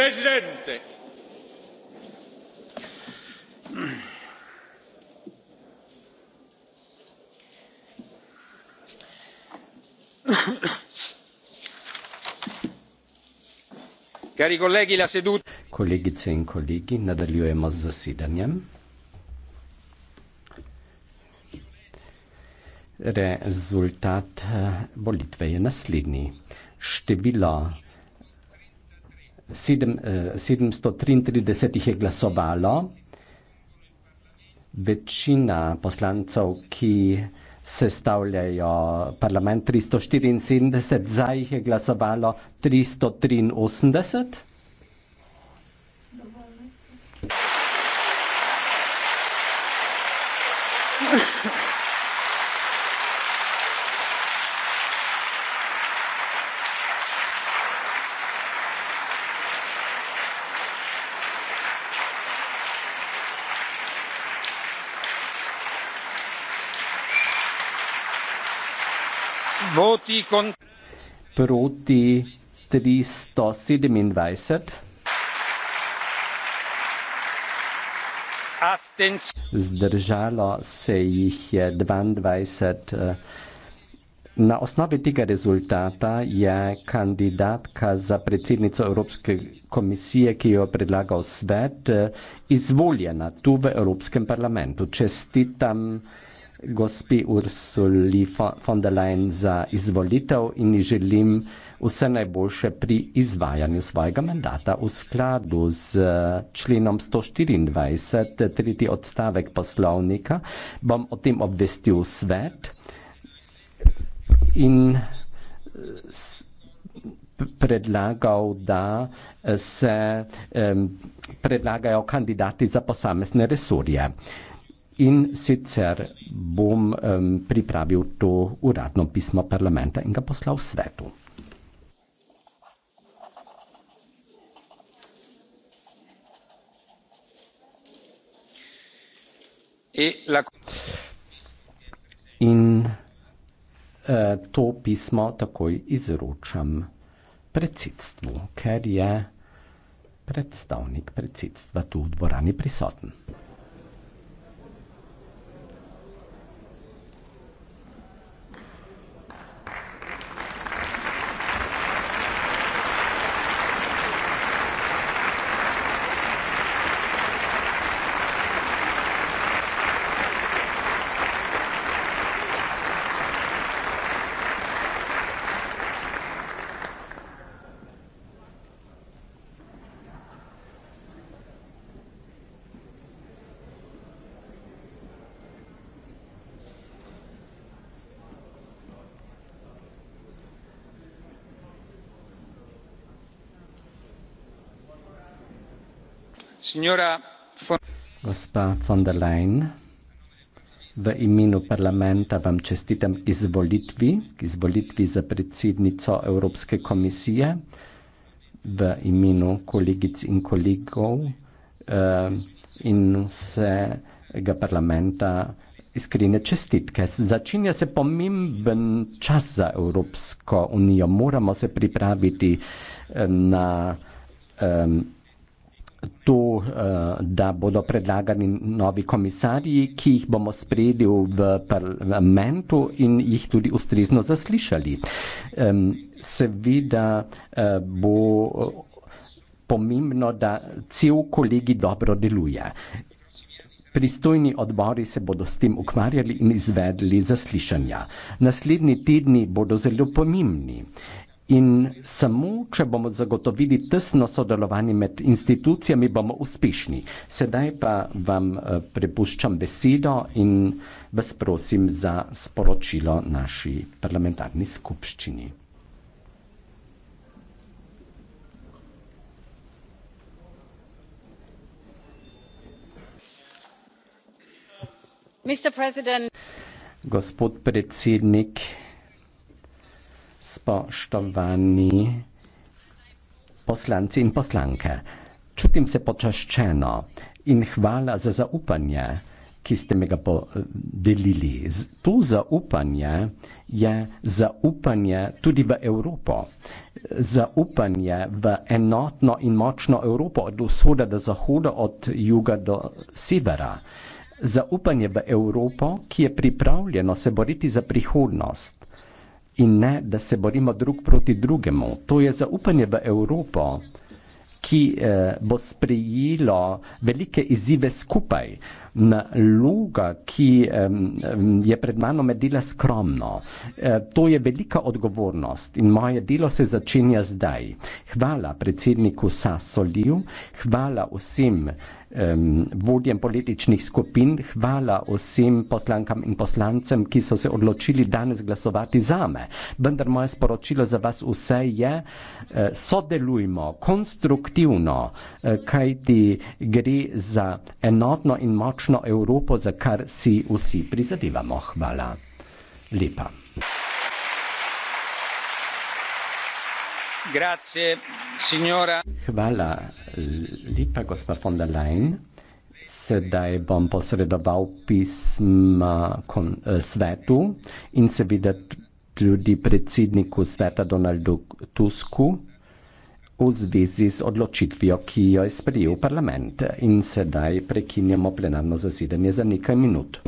presidente cari colleghi la seduta. kolegice in kolegi nadaljujemo z zasedanjem. rezultat eh, volitve je naslednji število sedem, eh, 733 jih je glasovalo. Večina poslancev, ki se stavljajo parlament 374, za jih je glasovalo 383. Dovolj. Proti 327. Zdržalo se jih je 22. Eh, na osnovi tega rezultata je kandidatka za predsednico Evropske komisije, ki jo predlagal svet, eh, izvoljena tu v Evropskem parlamentu. Čestitam gospi Ursuli von der Leyen za izvolitev in ji želim vse najboljše pri izvajanju svojega mandata v skladu z eh, členom 124, tretji odstavek poslovnika. Bom o tem obvestil svet in eh, predlagal, da eh, se predlagajo kandidati za posamezne resorje. In sicer bom um, pripravil to uradno pismo parlamenta in ga poslal svetu. E in uh, to pismo takoj izročam predsedstvu, ker je predstavnik predsedstva tu v dvorani prisoten. Gospa von der Leyen, v imenu parlamenta vam čestitam izvolitvi, izvolitvi za predsednico Evropske komisije, v imenu kolegic in kolegov eh, in vsega parlamenta iskrene čestitke. Začenja se pomemben čas za Evropsko unijo. Moramo se pripraviti eh, na eh, to, eh, da bodo predlagani novi komisarji, ki jih bomo sprejeli v parlamentu in jih tudi ustrezno zaslišali. Seveda eh, bo pomembno, da cel kolegi dobro deluje. Pristojni odbori se bodo s tem ukvarjali in izvedli zaslišanja. Naslednji tedni bodo zelo pomembni. In samo, če bomo zagotovili tesno sodelovanje med institucijami, bomo uspešni. Sedaj pa vam eh, prepuščam besedo in vas prosim za sporočilo naši parlamentarni skupščini. Gospod predsednik, spoštovani poslanci in poslanke. Čutim se počaščeno in hvala za zaupanje, ki ste me ga podelili. To zaupanje je zaupanje tudi v Evropo, zaupanje v enotno in močno Evropo od vzhoda do zahoda, od juga do severa. Zaupanje v Evropo, ki je pripravljeno se boriti za prihodnost in ne, da se borimo drug proti drugemu. To je zaupanje v Evropo, ki eh, bo sprejelo velike izzive skupaj. Luga, ki um, je pred mano medila skromno. E, to je velika odgovornost in moje delo se začenja zdaj. Hvala predsedniku Sasoliju, hvala vsem uh, um, vodjem političnih skupin. Hvala vsem poslankam in poslancem, ki so se odločili danes glasovati za me. Vendar moje sporočilo za vas vse je, uh, sodelujmo konstruktivno, uh, kajti gre za enotno in močno Evropo, za kar si vsi prizadevamo. Hvala. Lepa. Grazie, signora. Hvala lepa, gospa von der Leyen. Sedaj bom posredoval pisma kon, eh, svetu in seveda tudi predsedniku sveta Donaldu Tusku v zvezi z odločitvijo, ki jo je sprejel parlament. In sedaj prekinjamo plenarno zasedanje za nekaj minut.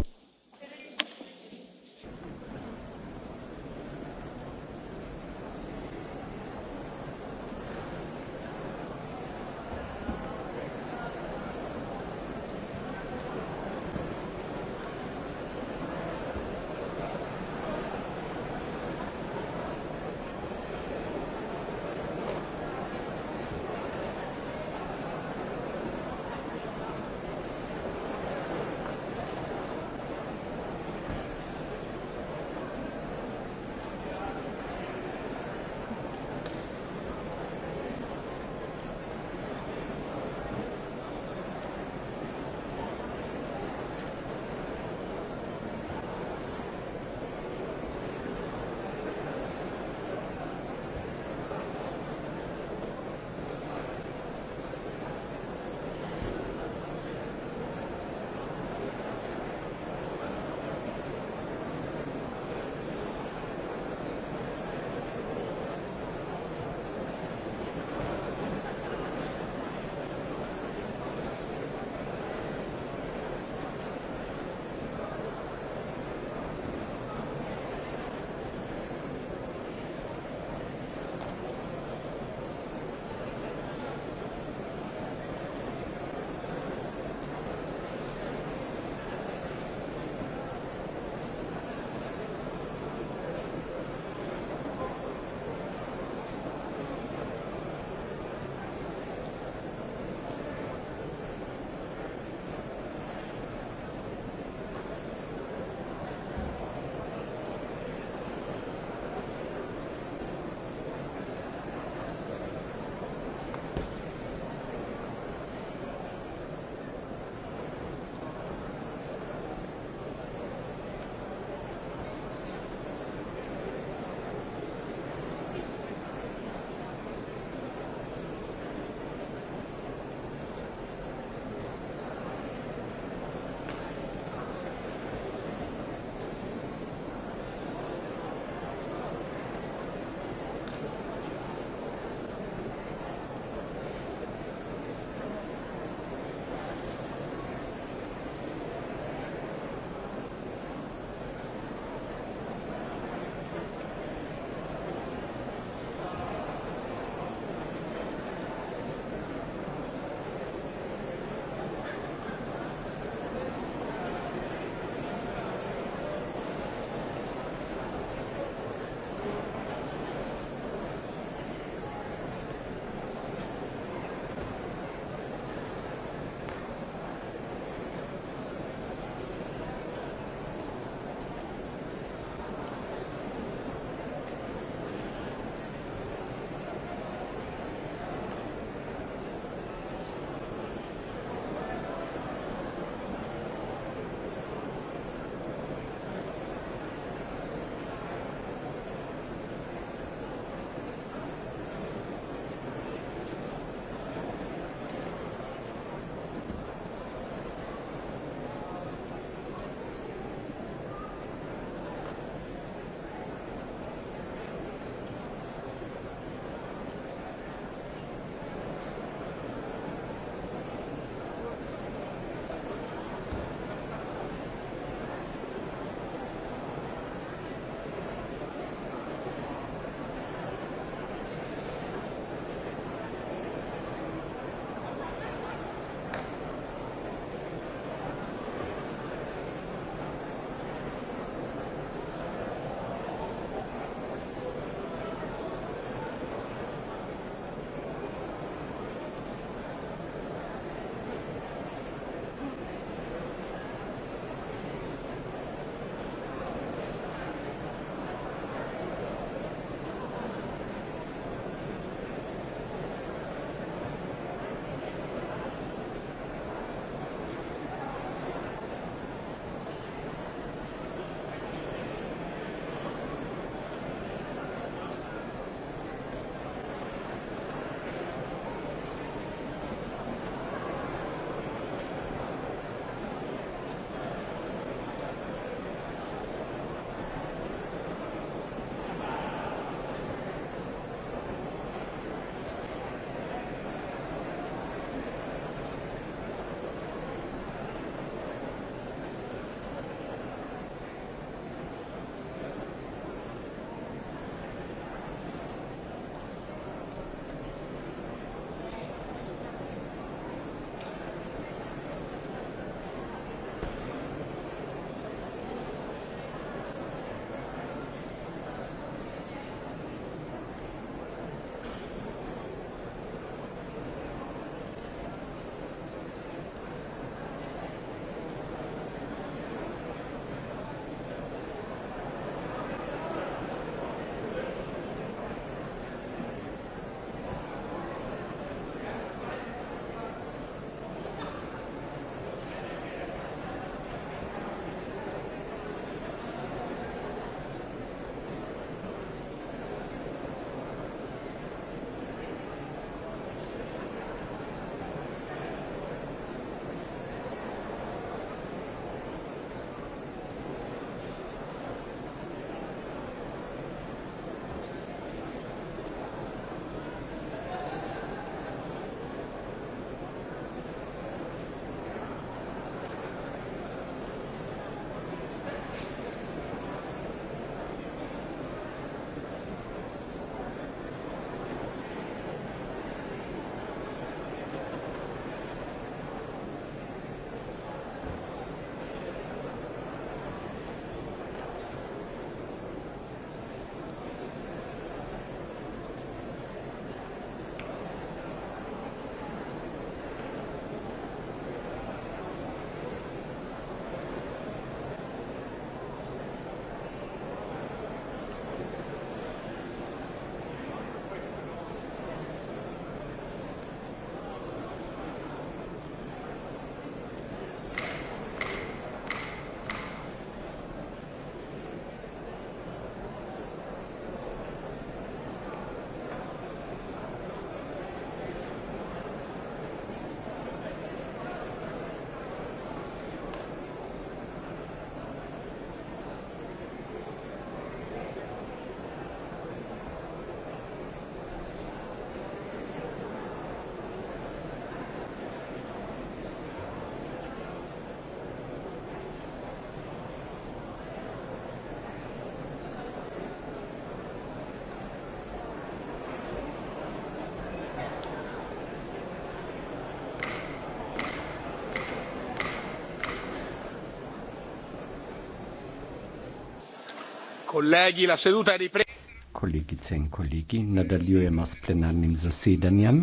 colleghi la seduta è ripresa. Kolegice in kolegi, nadaljujemo s plenarnim zasedanjem.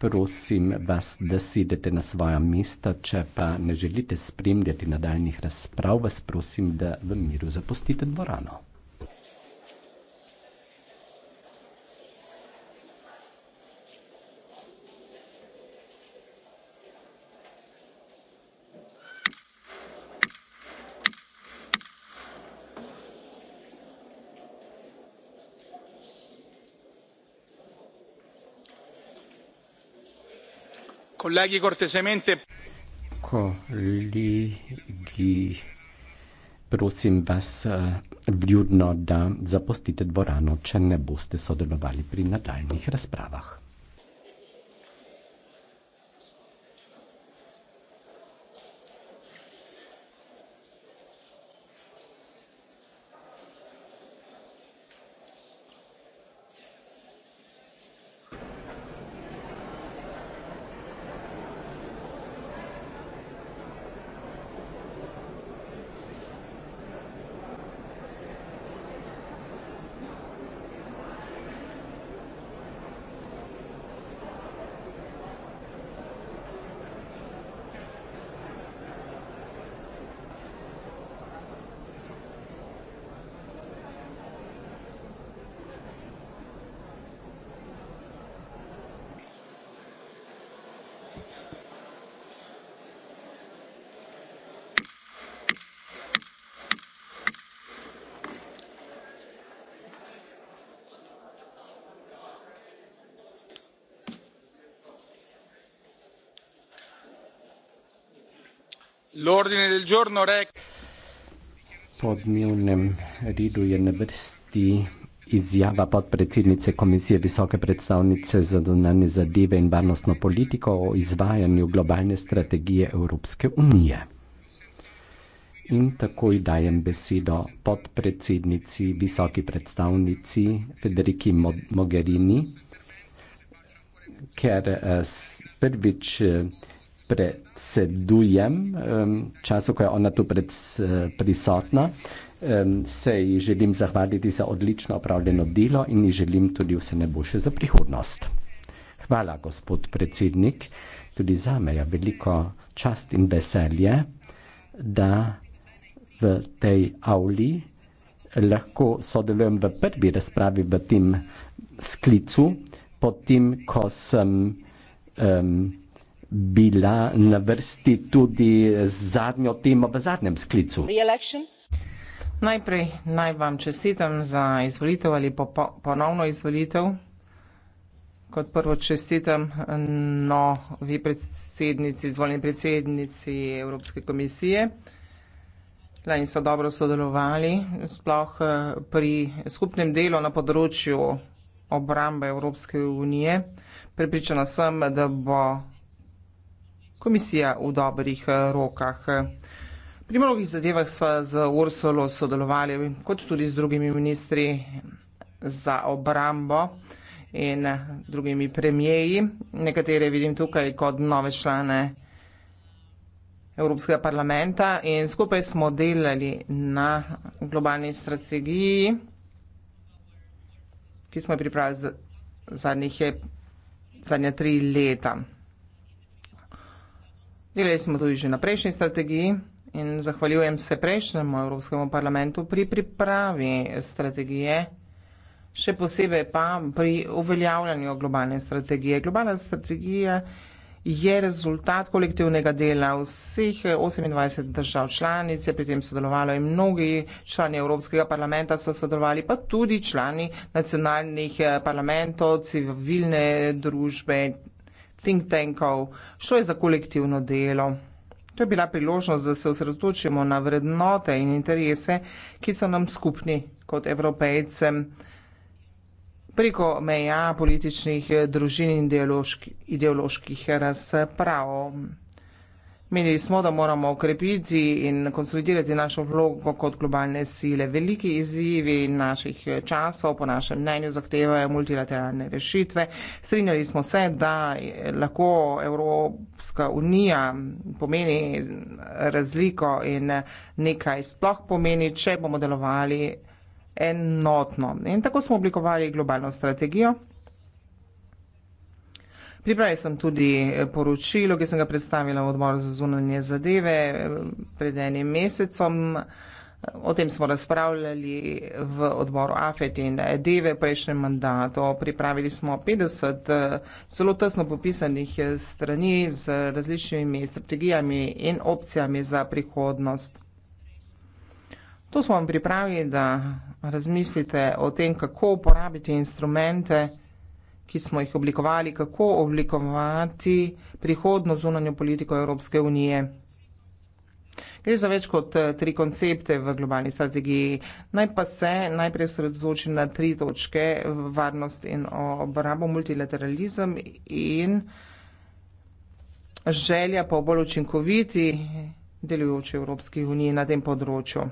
Prosim vas, da sedete na svoja mesta, če pa ne želite spremljati nadaljnih razprav, vas prosim, da v miru zapustite dvorano. colleghi cortesemente. Colleghi, prosim vas, eh, vljudno, da zapustite dvorano, če ne boste sodelovali pri nadaljnih razpravah. l'ordine del giorno rec po dnevnem redu je na vrsti izjava podpredsednice Komisije Visoke predstavnice za zunanje zadeve in varnostno politiko o izvajanju globalne strategije Evropske unije. In takoj dajem besedo podpredsednici Visoki predstavnici Federiki Mogherini, ker eh, prvič eh, predsedujem, času, ko je ona tu pred, eh, prisotna, se ji želim zahvaliti za odlično opravljeno delo in ji želim tudi vse najboljše za prihodnost. Hvala, gospod predsednik, tudi za me je veliko čast in veselje, da v tej avli lahko sodelujem v prvi razpravi v tem sklicu, potem ko sem um, bila na vrsti tudi zadnjo temo v zadnjem sklicu. Najprej naj vam čestitam za izvolitev ali po, ponovno izvolitev. Kot prvo čestitam novi predsednici, izvoljeni predsednici Evropske komisije. Lani so dobro sodelovali, sploh eh, pri skupnem delu na področju obrambe Evropske unije. Pripričana sem, da bo komisija v dobrih eh, rokah. Pri mnogih zadevah sva z Ursulo sodelovali, kot tudi z drugimi ministri za obrambo in drugimi premijeji. Nekatere vidim tukaj kot nove člane Evropskega parlamenta in skupaj smo delali na globalni strategiji, ki smo pripravili zadnjih zadnja tri leta. Delali smo tudi že na prejšnji strategiji in zahvaljujem se prejšnjemu Evropskemu parlamentu pri pripravi strategije, še posebej pa pri uveljavljanju globalne strategije. Globalna strategija je rezultat kolektivnega dela vseh 28 držav članic, je pri tem sodelovalo in mnogi člani Evropskega parlamenta so sodelovali, pa tudi člani nacionalnih eh, parlamentov, civilne družbe, think tankov, šlo je za kolektivno delo. To je bila priložnost, da se osredotočimo na vrednote in interese, ki so nam skupni kot evropejcem preko meja političnih družin in ideoloških razprav. Menili smo, da moramo ukrepiti in konsolidirati našo vlogo kot globalne sile. Veliki izzivi naših časov, po našem mnenju, zahtevajo multilateralne rešitve. Strinjali smo se, da lahko Evropska unija pomeni razliko in nekaj sploh pomeni, če bomo delovali enotno. In tako smo oblikovali globalno strategijo. Pripravil sem tudi eh, poročilo, ki sem ga predstavila v odboru za zunanje zadeve eh, pred enim mesecem. O tem smo razpravljali v odboru AFET in DEVE v prejšnjem mandatu. Pripravili smo 50 eh, zelo tesno popisanih strani z različnimi strategijami in opcijami za prihodnost. To smo vam pripravili, da razmislite o tem, kako uporabiti instrumente, ki ki smo jih oblikovali, kako oblikovati prihodno zunanjo politiko Evropske unije. Gre za več kot eh, tri koncepte v globalni strategiji. Naj pa se najprej sredozoči na tri točke varnost in obrabo, multilateralizem in želja po bolj učinkoviti delujoči Evropski uniji na tem področju.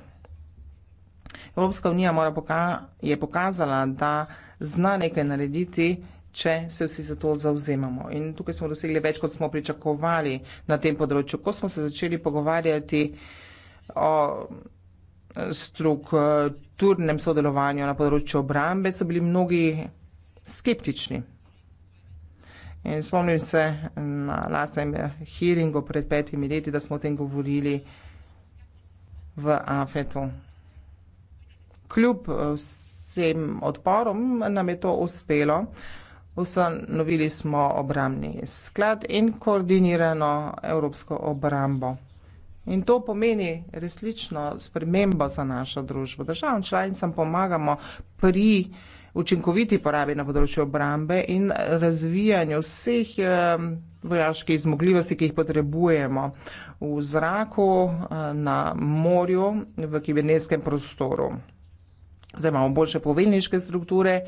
Evropska unija mora poka je pokazala, da zna nekaj narediti, če se vsi za to zauzemamo. In tukaj smo dosegli več, kot smo pričakovali na tem področju. Ko smo se začeli pogovarjati o strukturnem sodelovanju na področju obrambe, so bili mnogi skeptični. In spomnim se na lastnem hearingu pred petimi leti, da smo o tem govorili v AFET-u. Kljub vsem odporom nam je to uspelo ustanovili smo obramni sklad in koordinirano evropsko obrambo. In to pomeni resnično spremembo za našo družbo. Državam članicam pomagamo pri učinkoviti porabi na področju obrambe in razvijanju vseh vojaških zmogljivosti, ki jih potrebujemo v zraku, na morju, v kibernetskem prostoru zdaj imamo boljše poveljniške strukture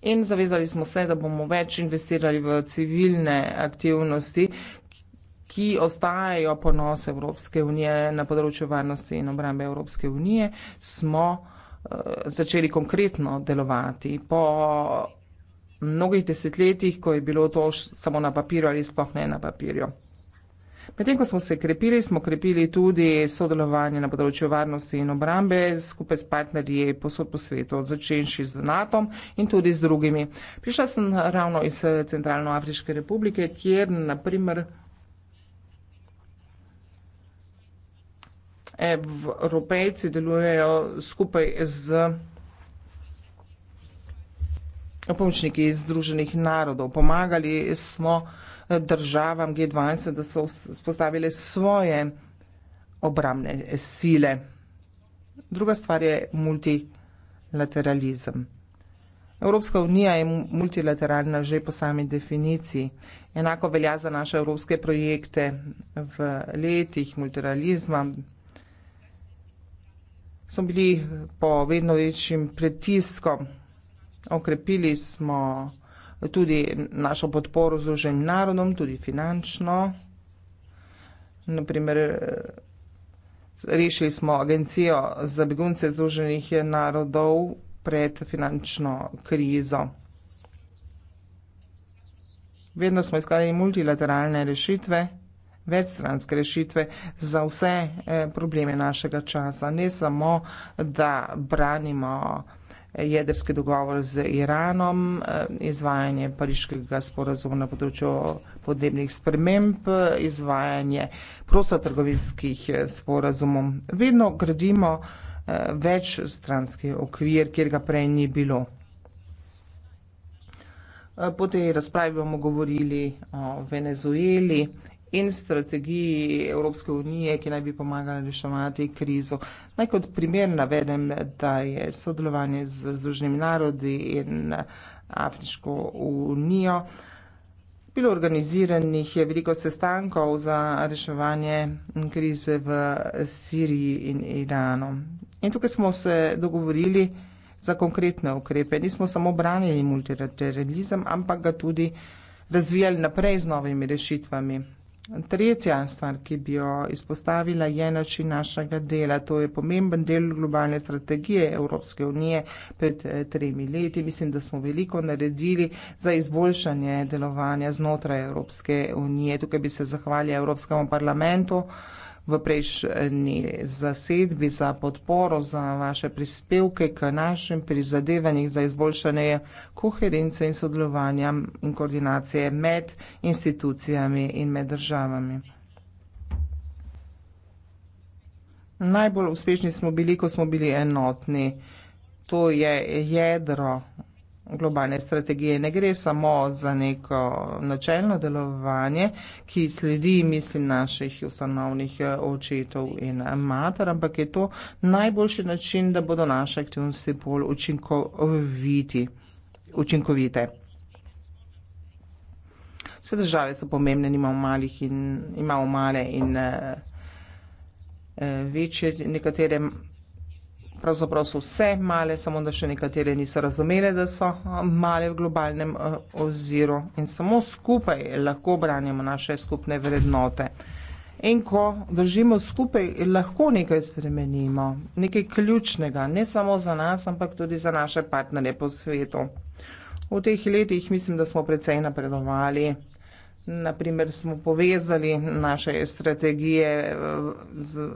in zavezali smo se, da bomo več investirali v civilne aktivnosti, ki ostajajo ponos Evropske unije na področju varnosti in obrambe Evropske unije, smo eh, začeli konkretno delovati. Po mnogih desetletjih, ko je bilo to samo na papirju ali sploh ne na papirju. Medtem ko smo se krepili, smo krepili tudi sodelovanje na področju varnosti in obrambe skupaj s partnerji posod po svetu, začenši z NATO-om in tudi z drugimi. Prišla sem ravno iz eh, Centralnoafriške republike, kjer naprimer evropejci delujejo skupaj z pomočniki iz Združenih narodov. Pomagali smo državam G20, da so spostavile svoje obramne sile. Druga stvar je multilateralizem. Evropska unija je multilateralna že po sami definiciji. Enako velja za naše evropske projekte v letih multilateralizma. Smo bili po vedno večjim pritiskom, okrepili smo tudi našo podporo Združenim narodom, tudi finančno. Naprimer, eh, rešili smo agencijo za begunce Združenih narodov pred finančno krizo. Vedno smo iskali multilateralne rešitve, večstranske rešitve za vse eh, probleme našega časa. Ne samo, da branimo jedrski dogovor z Iranom, eh, izvajanje pariškega sporazuma na področju podnebnih sprememb, izvajanje prostotrgovinskih eh, sporazumov. Vedno gradimo eh, večstranski okvir, kjer ga prej ni bilo. Po tej razpravi bomo govorili o Venezueli, in strategiji Evropske unije, ki naj bi pomagali reševati krizo. Naj kot primer navedem, da je sodelovanje z Združenimi narodi in Afriško unijo bilo organiziranih je veliko sestankov za reševanje krize v Siriji in Iranu. In tukaj smo se dogovorili za konkretne ukrepe. Nismo samo branili multilateralizem, ampak ga tudi razvijali naprej z novimi rešitvami. Tretja stvar, ki bi jo izpostavila, je način našega dela. To je pomemben del globalne strategije Evropske unije pred eh, tremi leti. Mislim, da smo veliko naredili za izboljšanje delovanja znotraj Evropske unije. Tukaj bi se zahvalila Evropskemu parlamentu v prejšnji zasedbi za podporo, za vaše prispevke k našim prizadevanjih za izboljšanje koherence in sodelovanja in koordinacije med institucijami in med državami. Najbolj uspešni smo bili, ko smo bili enotni. To je jedro globalne strategije. Ne gre samo za neko načelno delovanje, ki sledi, mislim, naših ustanovnih eh, očetov in mater, ampak je to najboljši način, da bodo naše aktivnosti bolj učinkoviti, učinkovite. Vse države so pomembne, imamo, malih in, imamo male in eh, eh, večje, nekatere pravzaprav so vse male, samo da še nekatere niso razumele, da so male v globalnem oziru in samo skupaj lahko branjamo naše skupne vrednote. In ko držimo skupaj, lahko nekaj spremenimo, nekaj ključnega, ne samo za nas, ampak tudi za naše partnerje po svetu. V teh letih mislim, da smo precej napredovali. Naprimer, smo povezali naše strategije z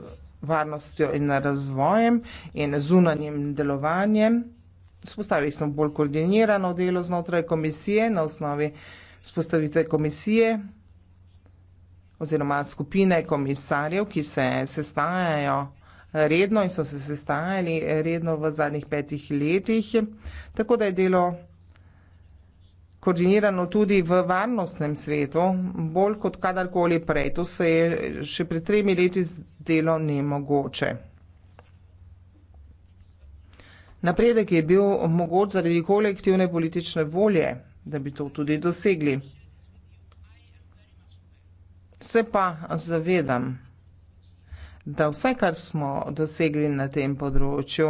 varnostjo in razvojem in zunanjem delovanjem. Spostavili smo bolj koordinirano delo znotraj komisije na osnovi spostavitve komisije oziroma skupine komisarjev, ki se sestajajo redno in so se sestajali redno v zadnjih petih letih. Tako da je delo koordinirano tudi v varnostnem svetu, bolj kot kadarkoli prej. To se je še pred tremi leti zdelo nemogoče. Napredek je bil mogoč zaradi kolektivne politične volje, da bi to tudi dosegli. Se pa zavedam, da vse, kar smo dosegli na tem področju,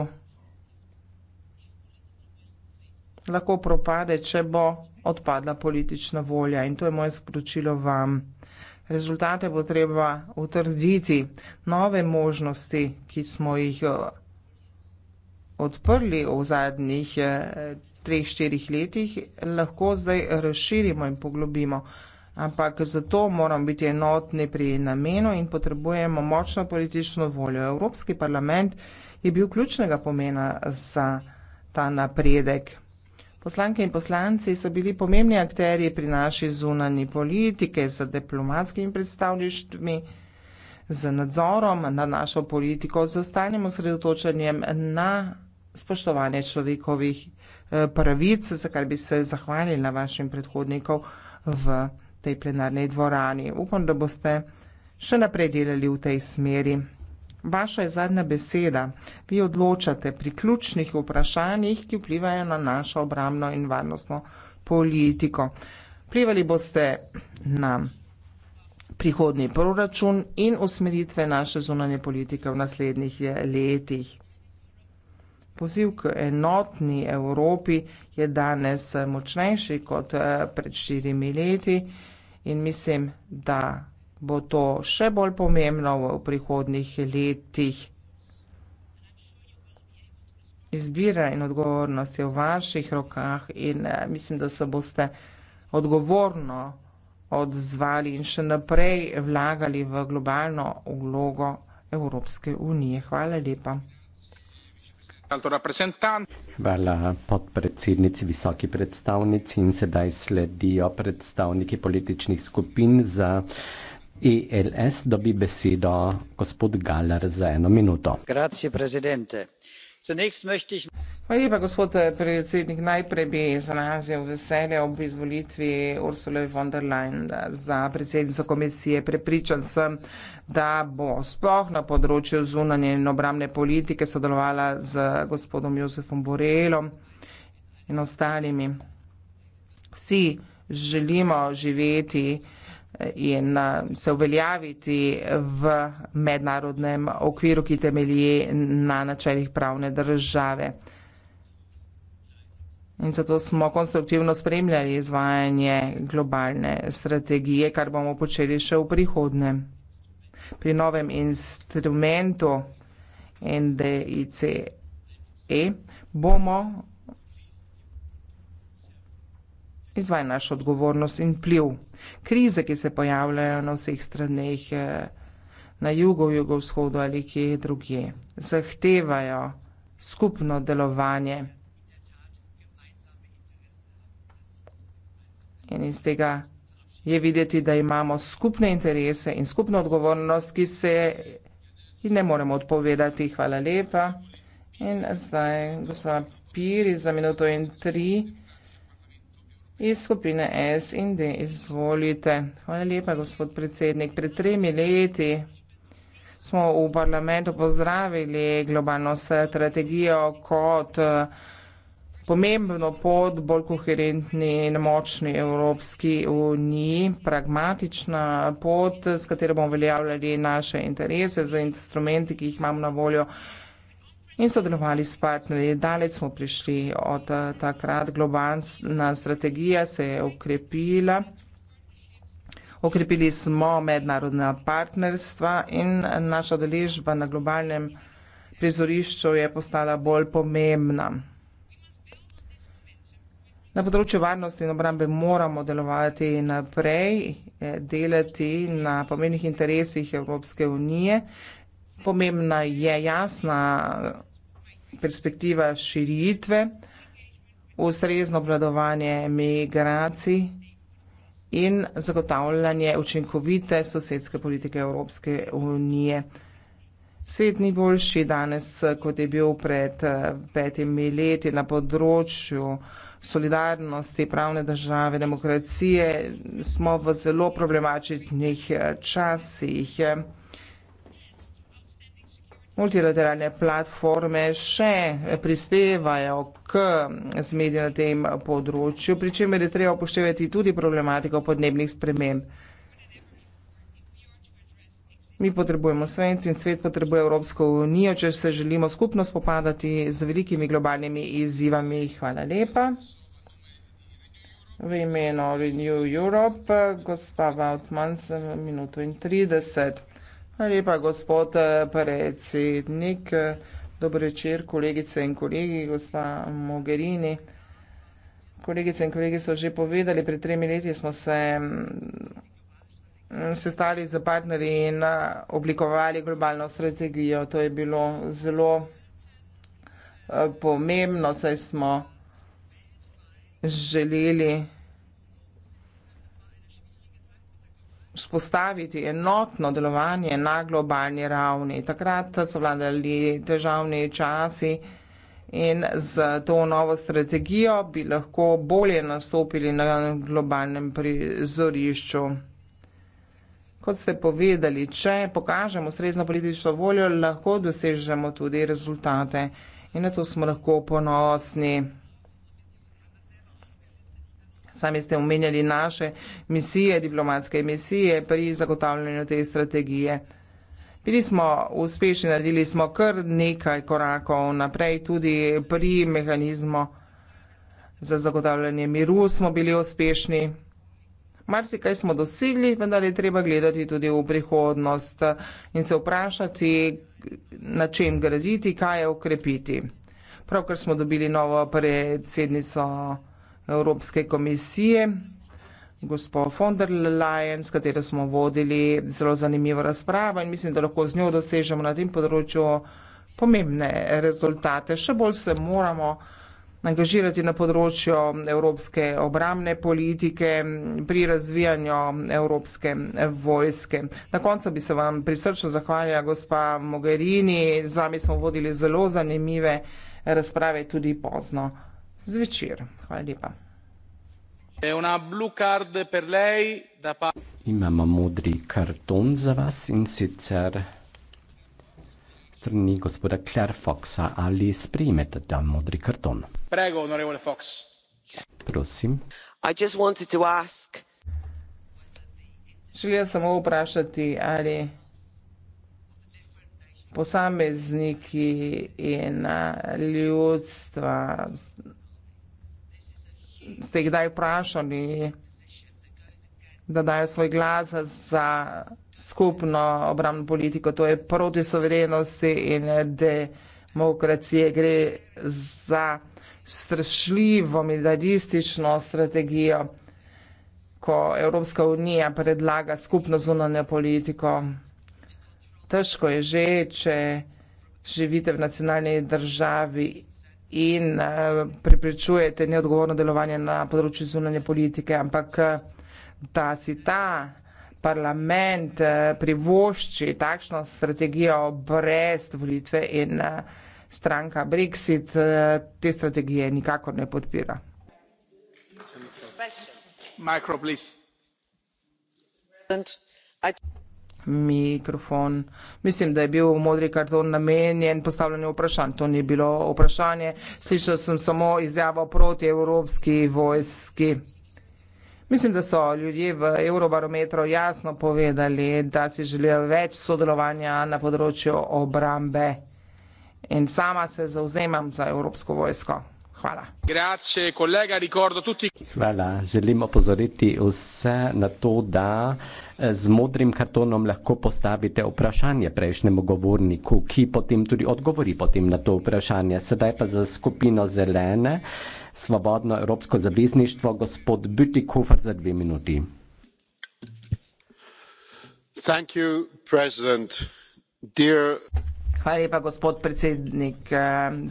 lahko propade, če bo odpadla politična volja in to je moje sporočilo vam. Rezultate bo treba utrditi, nove možnosti, ki smo jih eh, odprli v zadnjih eh, treh, štirih letih, lahko zdaj razširimo in poglobimo. Ampak zato moramo biti enotni pri namenu in potrebujemo močno politično voljo. Evropski parlament je bil ključnega pomena za ta napredek. Poslanke in poslanci so bili pomembni akteri pri naši zunani politike z diplomatskimi predstavništvi, z nadzorom na našo politiko, z stalnim osredotočanjem na spoštovanje človekovih eh, pravic, za kar bi se zahvalili na vašim predhodnikov v tej plenarni dvorani. Upam, da boste še naprej delali v tej smeri. Vaša je zadnja beseda. Vi odločate pri ključnih vprašanjih, ki vplivajo na našo obramno in varnostno politiko. Vplivali boste na prihodni proračun in usmeritve naše zunanje politike v naslednjih letih. Poziv k enotni Evropi je danes eh, močnejši kot eh, pred štirimi leti in mislim, da bo to še bolj pomembno v prihodnih letih. Izbira in odgovornost je v vaših rokah in eh, mislim, da se boste odgovorno odzvali in še naprej vlagali v globalno vlogo Evropske unije. Hvala lepa. Hvala podpredsednici, visoki predstavnici in sedaj sledijo predstavniki političnih skupin za ELS dobi besedo gospod Galar za eno minuto. Hvala lepa, gospod eh, predsednik. Najprej bi izrazil veselje ob izvolitvi Ursula von der Leyen eh, za predsednico komisije. Prepričan sem, da bo sploh na področju zunanje in obramne politike sodelovala z gospodom Josefom Borelom in ostalimi. Vsi želimo živeti in eh, se uveljaviti v mednarodnem okviru, ki temelji na načeljih pravne države. In zato smo konstruktivno spremljali izvajanje globalne strategije, kar bomo počeli še v prihodnem. Pri novem instrumentu NDICE bomo izvaj naš odgovornost in pliv. Krize, ki se pojavljajo na vseh straneh, eh, na jugu, jugovzhodu ali kje drugje, zahtevajo skupno delovanje. In iz tega je videti, da imamo skupne interese in skupno odgovornost, ki se ji ne moremo odpovedati. Hvala lepa. In zdaj gospod Piri za minuto in tri iz skupine S in D. Izvolite. Hvala lepa, gospod predsednik. Pred tremi leti smo v parlamentu pozdravili globalno strategijo kot eh, pomembno pot bolj koherentni in močni Evropski uniji, pragmatična pot, s katero bomo uveljavljali naše interese za instrumenti, ki jih imamo na voljo in sodelovali s partnerji. Daleč smo prišli od eh, takrat. Globalna strategija se je ukrepila. Okrepili smo mednarodna partnerstva in naša deležba na globalnem prizorišču je postala bolj pomembna. Na področju varnosti in obrambe moramo delovati naprej, eh, delati na pomembnih interesih Evropske unije. Pomembna je jasna perspektiva širitve, ustrezno obladovanje migracij in zagotavljanje učinkovite sosedske politike Evropske unije. Svet ni boljši danes, kot je bil pred eh, petimi leti na področju solidarnosti, pravne države, demokracije. Smo v zelo problematičnih eh, časih multilateralne platforme še prispevajo k zmedi na tem področju, pri čemer je treba upoštevati tudi problematiko podnebnih sprememb. Mi potrebujemo svet in svet potrebuje Evropsko unijo, če se želimo skupno spopadati z velikimi globalnimi izzivami. Hvala lepa. V imenu Renew Europe, gospa Vautman, sem minuto in 30. Lepa gospod eh, predsednik, dobro večer, kolegice in kolegi, gospa Mogherini. Kolegice in kolegi so že povedali, pred tremi leti smo se mm, sestali z partnerji in eh, oblikovali globalno strategijo. To je bilo zelo eh, pomembno, saj smo želeli spostaviti enotno delovanje na globalni ravni. Takrat so vladali težavni časi in z to novo strategijo bi lahko bolje nastopili na globalnem prizorišču. Kot ste povedali, če pokažemo srezno politično voljo, lahko dosežemo tudi rezultate in na to smo lahko ponosni sami ste omenjali naše misije, diplomatske misije pri zagotavljanju te strategije. Bili smo uspešni, naredili smo kar nekaj korakov naprej, tudi pri mehanizmu za zagotavljanje miru smo bili uspešni. Marsi kaj smo dosegli, vendar je treba gledati tudi v prihodnost in se vprašati, na čem graditi, kaj je ukrepiti. Pravkar smo dobili novo predsednico. Evropske komisije, gospod von der Leyen, s katero smo vodili zelo zanimivo razpravo in mislim, da lahko z njo dosežemo na tem področju pomembne rezultate. Še bolj se moramo angažirati na področju evropske obramne politike pri razvijanju evropske vojske. Na koncu bi se vam prisrčno zahvalila gospa Mogherini, z vami smo vodili zelo zanimive razprave tudi pozno zvečer. Hvala lepa. Imamo modri karton za vas in sicer strani gospoda Claire Foxa. Ali sprejmete ta modri karton? Prego, onorevole Fox. Prosim. I just wanted to ask. Želim samo vprašati, ali posamezniki in eh, ljudstva ste jih daj vprašali, da dajo svoj glas za skupno obramno politiko, to je proti soverenosti in demokracije. Gre za strašljivo militaristično strategijo, ko Evropska unija predlaga skupno zunanjo politiko. Težko je že, če živite v nacionalni državi in eh, preprečujete neodgovorno delovanje na področju zunanje politike, ampak eh, da si ta parlament eh, privošči takšno strategijo brez volitve in stranka Brexit te strategije nikakor ne podpira. Micro, please mikrofon. Mislim, da je bil modri karton namenjen postavljanju vprašanj. To ni bilo vprašanje. Slišal sem samo izjavo proti evropski vojski. Mislim, da so ljudje v Eurobarometru jasno povedali, da si želijo več sodelovanja na področju obrambe. In sama se zauzemam za evropsko vojsko. Hvala. Želim opozoriti vse na to, da eh, z modrim kartonom lahko postavite vprašanje prejšnjemu govorniku, ki potem tudi odgovori potem na to vprašanje. Sedaj pa za skupino zelene, svobodno evropsko zavezništvo, gospod Büti Kufr za dve minuti. Thank you, president. Dear... Hvala lepa, gospod predsednik,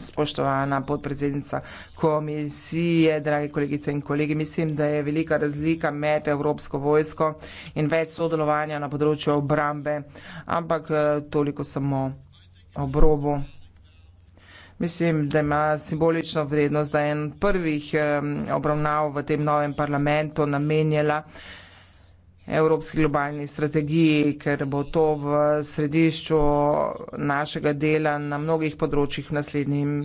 spoštovana podpredsednica komisije, dragi kolegice in kolegi. Mislim, da je velika razlika med Evropsko vojsko in več sodelovanja na področju obrambe, ampak eh, toliko samo ob robu. Mislim, da ima simbolično vrednost, da je en prvih obravnav v tem novem parlamentu namenjala evropski globalni strategiji, ker bo to v središču našega dela na mnogih področjih v naslednjem